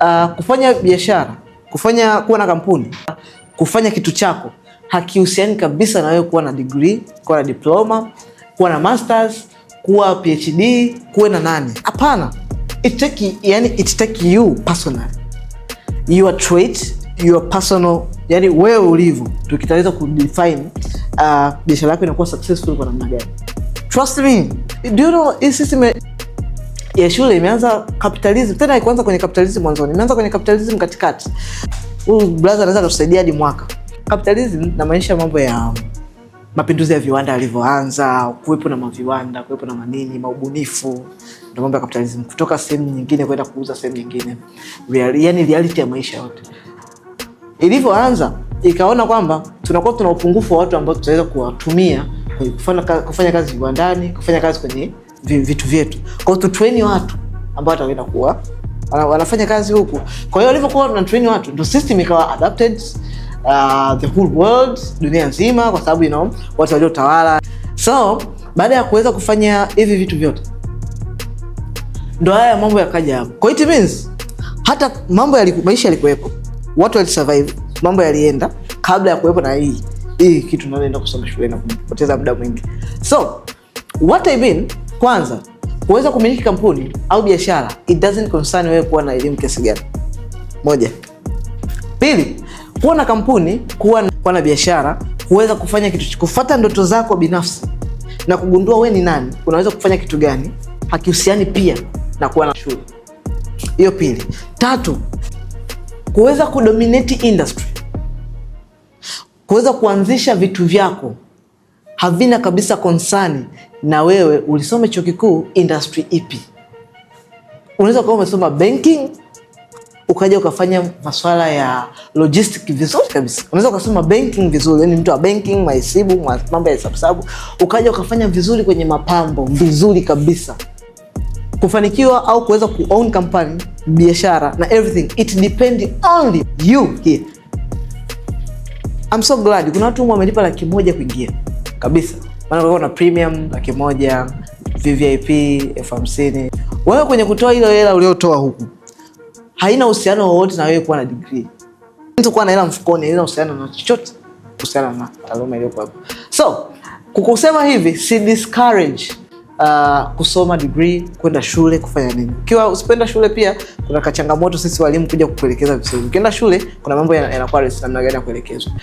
uh, kufanya biashara, kufanya kuwa na kampuni, kufanya kitu chako hakihusiani kabisa na wewe kuwa na degree, kuwa na diploma, kuwa na masters, kuwa PhD, kuwe na nani. Hapana, it take yani it take you personal, your trait, your personal, yani wewe ulivyo, tukitaweza kudefine uh, biashara yako inakuwa successful kwa namna gani. Trust me, do you know this system ya shule imeanza capitalism tena, ikuanza kwenye capitalism mwanzoni, imeanza kwenye capitalism katikati. Huyu blaza anaweza akatusaidia hadi mwaka. Capitalism namaanisha mambo ya mapinduzi ya viwanda yalivyoanza, kuwepo na maviwanda, kuwepo na manini, maubunifu, ndo mambo ya capitalism, kutoka sehemu nyingine kwenda kuuza sehemu nyingine, real, yani reality ya maisha yote ilivyoanza, ikaona kwamba tunakuwa tuna upungufu wa watu ambao tutaweza kuwatumia kufanya kazi viwandani, kufanya kazi kwenye vitu vyetu. Kwa hiyo tutrain watu ambao wataenda kuwa wanafanya kazi huku. Kwa hiyo walivyokuwa tunatrain watu ndo system ikawa adapted uh, the whole world, dunia nzima, kwa sababu you know watu waliotawala. So baada ya kuweza kufanya hivi vitu vyote ndo haya mambo yakaja hapo. Kwa hiyo it means hata mambo ya liku, maisha yalikuwepo, watu walisurvive, mambo yalienda kabla ya kuwepo na hii hii kitu, naenda kusoma shule na kupoteza muda mwingi. So what I mean kwanza, kuweza kumiliki kampuni au biashara, it doesn't concern wewe kuwa na elimu kiasi gani. Moja. Pili, kuwa na kampuni, kuwa na, kuwa na biashara, kuweza kufanya kitu, kufuata ndoto zako binafsi na kugundua we ni nani, unaweza kufanya kitu gani, hakihusiani pia na kuwa na shule. Hiyo pili. Tatu, kuweza kudominate industry, kuweza kuanzisha vitu vyako havina kabisa konsani na wewe ulisome chuo kikuu industry ipi. Unaweza kuwa umesoma banking ukaja ukafanya maswala ya logistic vizuri kabisa. Unaweza ukasoma banking vizuri, yani mtu wa banking, mahesibu, mambo ya hesabuhesabu, ukaja ukafanya vizuri kwenye mapambo vizuri kabisa. Kufanikiwa au kuweza ku own company, biashara na everything it depend only you here. I'm so glad kuna watu wamelipa laki moja kuingia kabisa, maana kulikuwa na premium laki moja, VVIP elfu hamsini. Wewe kwenye kutoa ile hela uliotoa huku haina uhusiano wowote na wewe kuwa na degree. Mtu kuwa na hela mfukoni haina uhusiano na chochote, uhusiano na taaluma iliyokuwa hapo. So kukusema hivi si discourage Uh, kusoma degree kwenda shule kufanya nini. Ukiwa usipenda shule, pia kuna kachangamoto sisi walimu kuja kukuelekeza vizuri. Ukienda shule, kuna mambo yanakuwa rahisi namna gani ya kuelekezwa.